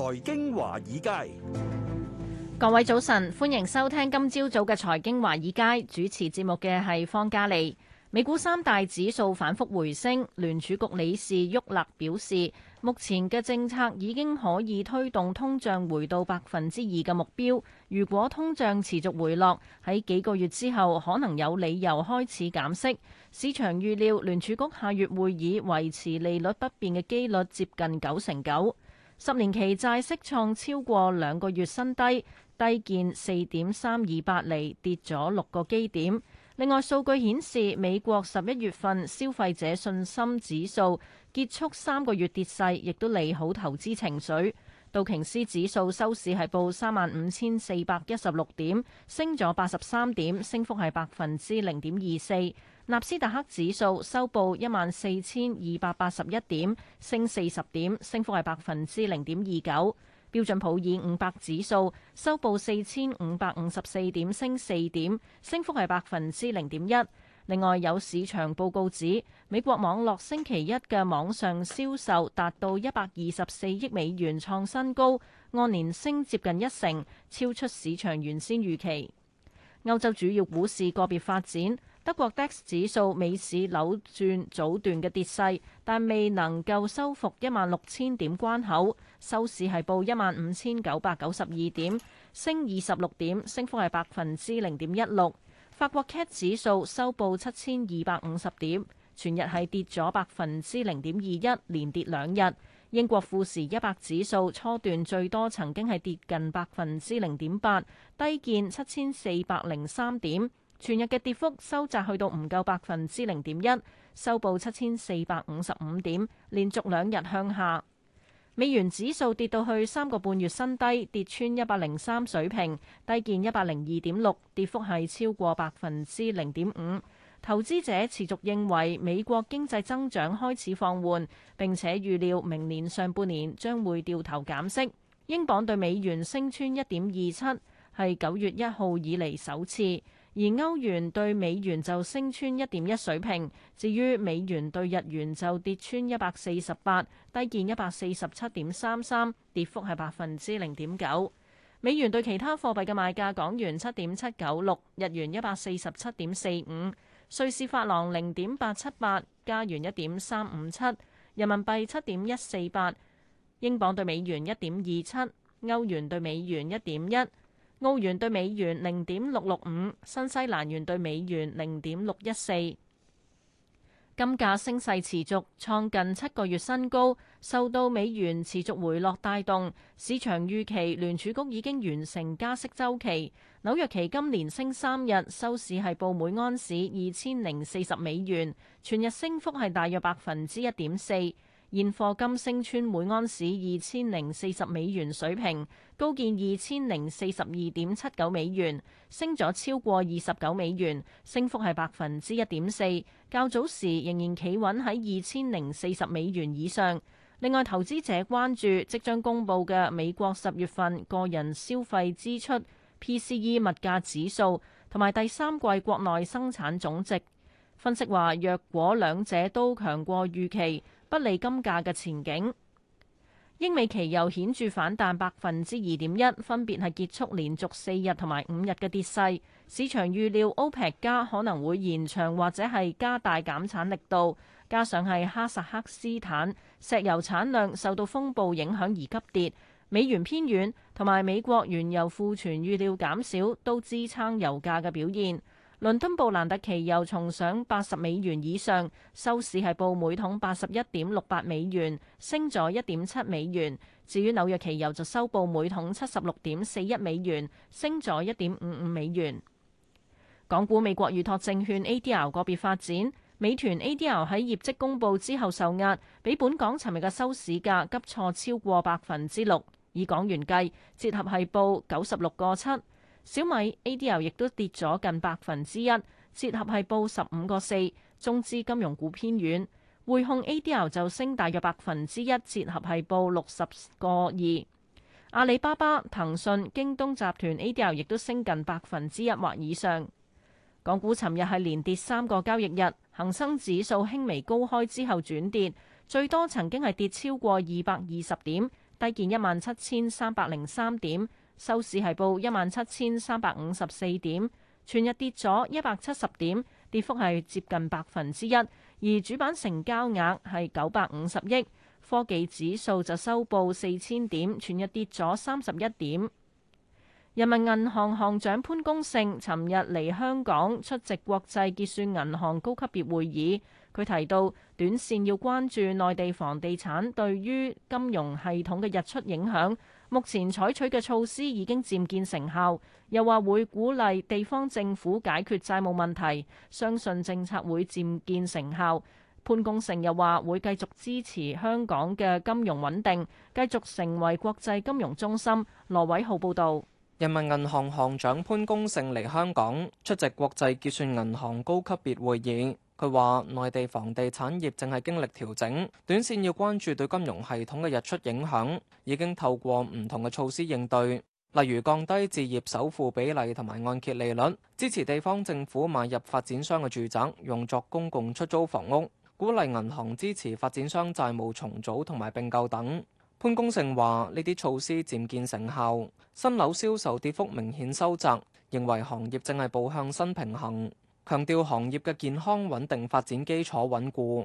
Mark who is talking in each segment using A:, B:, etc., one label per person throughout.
A: 財經華爾
B: 街，各位早晨，歡迎收聽今朝早嘅財經華爾街主持節目嘅係方嘉利。美股三大指數反復回升，聯儲局理事沃勒表示，目前嘅政策已經可以推動通脹回到百分之二嘅目標。如果通脹持續回落，喺幾個月之後可能有理由開始減息。市場預料聯儲局下月會議維持利率不變嘅幾率接近九成九。十年期債息創超過兩個月新低，低見四點三二八厘，跌咗六個基點。另外，數據顯示美國十一月份消費者信心指數結束三個月跌勢，亦都利好投資情緒。道瓊斯指數收市係報三萬五千四百一十六點，升咗八十三點，升幅係百分之零點二四。納斯達克指數收報一萬四千二百八十一點，升四十點，升幅係百分之零點二九。標準普爾五百指數收報四千五百五十四點，升四點，升幅係百分之零點一。另外，有市場報告指，美國網絡星期一嘅網上銷售達到一百二十四億美元，創新高，按年升接近一成，超出市場原先預期。歐洲主要股市個別發展。德國 DAX 指數尾市扭轉早段嘅跌勢，但未能夠收復一萬六千點關口，收市係報一萬五千九百九十二點，升二十六點，升幅係百分之零點一六。法國 CAC 指數收報七千二百五十點，全日係跌咗百分之零點二一，連跌兩日。英國富時一百指數初段最多曾經係跌近百分之零點八，低見七千四百零三點。全日嘅跌幅收窄，去到唔夠百分之零點一，收報七千四百五十五點，連續兩日向下。美元指數跌到去三個半月新低，跌穿一百零三水平，低見一百零二點六，跌幅係超過百分之零點五。投資者持續認為美國經濟增長開始放緩，並且預料明年上半年將會掉頭減息。英鎊對美元升穿一點二七，係九月一號以嚟首次。而歐元對美元就升穿一點一水平，至於美元對日元就跌穿一百四十八，低見一百四十七點三三，跌幅係百分之零點九。美元對其他貨幣嘅賣價：港元七點七九六，日元一百四十七點四五，瑞士法郎零點八七八，加元一點三五七，人民幣七點一四八，英鎊對美元一點二七，歐元對美元一點一。澳元對美元零點六六五，新西蘭元對美元零點六一四。金價升勢持續，創近七個月新高，受到美元持續回落帶動。市場預期聯儲局已經完成加息週期。紐約期金連升三日，收市係報每安士二千零四十美元，全日升幅係大約百分之一點四。現貨金升穿每安士二千零四十美元水平，高見二千零四十二點七九美元，升咗超過二十九美元，升幅係百分之一點四。較早時仍然企穩喺二千零四十美元以上。另外，投資者關注即將公布嘅美國十月份個人消費支出 （PCE） 物價指數同埋第三季國內生產總值。分析話，若果兩者都強過預期。不利金價嘅前景，英美期油顯著反彈百分之二點一，分別係結束連續四日同埋五日嘅跌勢。市場預料歐佩加可能會延長或者係加大減產力度，加上係哈薩克斯坦石油產量受到風暴影響而急跌，美元偏軟同埋美國原油庫存預料減少都支撐油價嘅表現。倫敦布蘭特期油重上八十美元以上，收市係報每桶八十一點六八美元，升咗一點七美元。至於紐約期油就收報每桶七十六點四一美元，升咗一點五五美元。港股美國預託證券 ADR 個別發展，美團 ADR 喺業績公布之後受壓，比本港尋日嘅收市價急挫超過百分之六，以港元計，折合係報九十六個七。小米 A.D.R 亦都跌咗近百分之一，折合係報十五個四。中資金融股偏軟，匯控 A.D.R 就升大約百分之一，折合係報六十個二。阿里巴巴、騰訊、京東集團 A.D.R 亦都升近百分之一或以上。港股尋日係連跌三個交易日，恒生指數輕微高開之後轉跌，最多曾經係跌超過二百二十點，低見一萬七千三百零三點。收市係報一萬七千三百五十四點，全日跌咗一百七十點，跌幅係接近百分之一。而主板成交額係九百五十億，科技指數就收報四千點，全日跌咗三十一點。人民銀行行長潘功勝尋日嚟香港出席國際結算銀行高級別會議。佢提到短線要關注內地房地產對於金融系統嘅溢出影響，目前採取嘅措施已經漸見成效。又話會鼓勵地方政府解決債務問題，相信政策會漸見成效。潘功勝又話會繼續支持香港嘅金融穩定，繼續成為國際金融中心。羅偉浩報導。
C: 人民銀行行長潘功勝嚟香港出席國際結算銀行高級別會議，佢話內地房地產業正係經歷調整，短線要關注對金融系統嘅溢出影響，已經透過唔同嘅措施應對，例如降低置業首付比例同埋按揭利率，支持地方政府買入發展商嘅住宅用作公共出租房屋，鼓勵銀行支持發展商債務重組同埋併購等。潘功勝話：呢啲措施漸見成效，新樓銷售跌幅明顯收窄，認為行業正係步向新平衡，強調行業嘅健康穩定發展基礎穩固。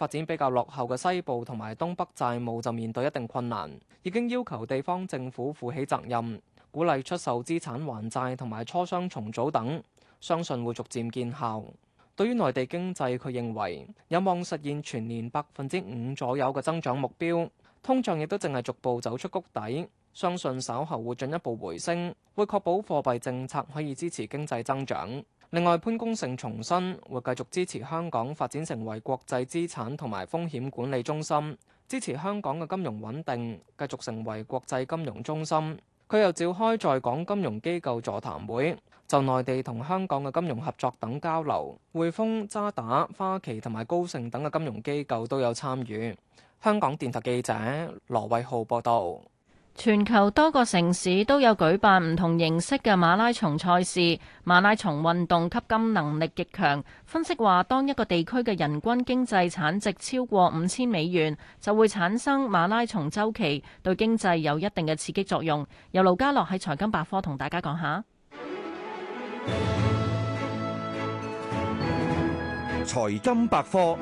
C: 發展比較落後嘅西部同埋東北債務就面對一定困難，已經要求地方政府負起責任，鼓勵出售資產還債同埋磋商重組等，相信會逐漸見效。對於內地經濟，佢認為有望實現全年百分之五左右嘅增長目標，通脹亦都淨係逐步走出谷底，相信稍後會進一步回升，會確保貨幣政策可以支持經濟增長。另外，潘功勝重申會繼續支持香港發展成為國際資產同埋風險管理中心，支持香港嘅金融穩定繼續成為國際金融中心。佢又召開在港金融機構座談會，就內地同香港嘅金融合作等交流。匯豐、渣打、花旗同埋高盛等嘅金融機構都有參與，香港電台記者羅偉浩報道。
B: 全球多個城市都有舉辦唔同形式嘅馬拉松賽事。馬拉松運動吸金能力極強，分析話當一個地區嘅人均經濟產值超過五千美元，就會產生馬拉松周期，對經濟有一定嘅刺激作用。由盧家樂喺財金百科同大家講下。
A: 財金百科。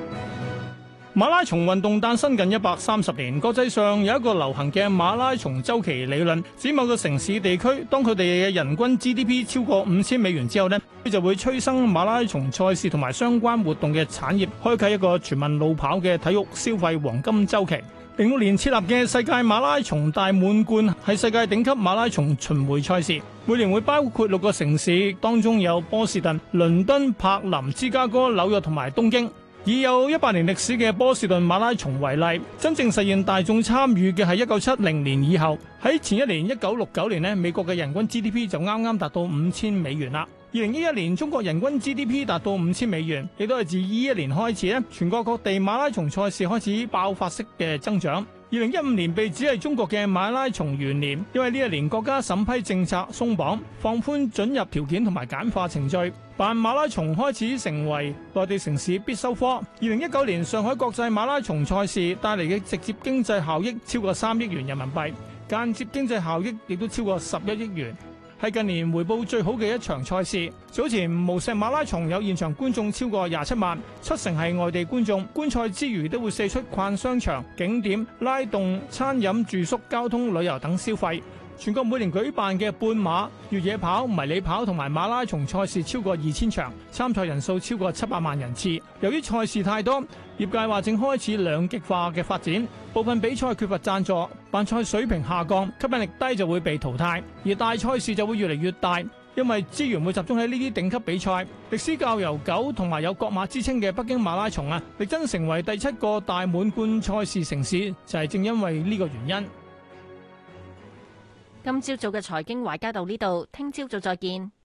A: 馬拉松運動誕生近一百三十年，國際上有一個流行嘅馬拉松周期理論。指某個城市地區，當佢哋嘅人均 GDP 超過五千美元之後呢，佢就會催生馬拉松賽事同埋相關活動嘅產業，開啟一個全民路跑嘅體育消費黃金周期。零六年設立嘅世界馬拉松大滿貫係世界頂級馬拉松巡回賽事，每年會包括六個城市，當中有波士頓、倫敦、柏林、芝加哥、紐約同埋東京。以有一百年歷史嘅波士頓馬拉松為例，真正實現大眾參與嘅係一九七零年以後。喺前一年一九六九年呢，美國嘅人均 GDP 就啱啱達到五千美元啦。二零一一年中國人均 GDP 達到五千美元，亦都係自呢一年開始呢，全國各地馬拉松賽事開始爆發式嘅增長。二零一五年被指係中國嘅馬拉松元年，因為呢一年國家審批政策鬆綁，放寬准入條件同埋簡化程序，辦馬拉松開始成為內地城市必修科。二零一九年上海國際馬拉松賽事帶嚟嘅直接經濟效益超過三億元人民幣，間接經濟效益亦都超過十一億元。係近年回報最好嘅一場賽事。早前無錫馬拉松有現場觀眾超過廿七萬，七成係外地觀眾。觀賽之餘都會四出逛商場、景點，拉動餐飲、住宿、交通、旅遊等消費。全國每年舉辦嘅半馬、越野跑、迷你跑同埋馬拉松賽事超過二千場，參賽人數超過七百萬人次。由於賽事太多，業界話正開始兩極化嘅發展，部分比賽缺乏贊助，辦賽水平下降，吸引力低就會被淘汰，而大賽事就會越嚟越大，因為資源會集中喺呢啲頂級比賽。歷史較悠久同埋有國馬之稱嘅北京馬拉松啊，力爭成為第七個大滿貫賽事城市，就係、是、正因為呢個原因。
B: 今朝早嘅財經華爾街到呢度，聽朝早再見。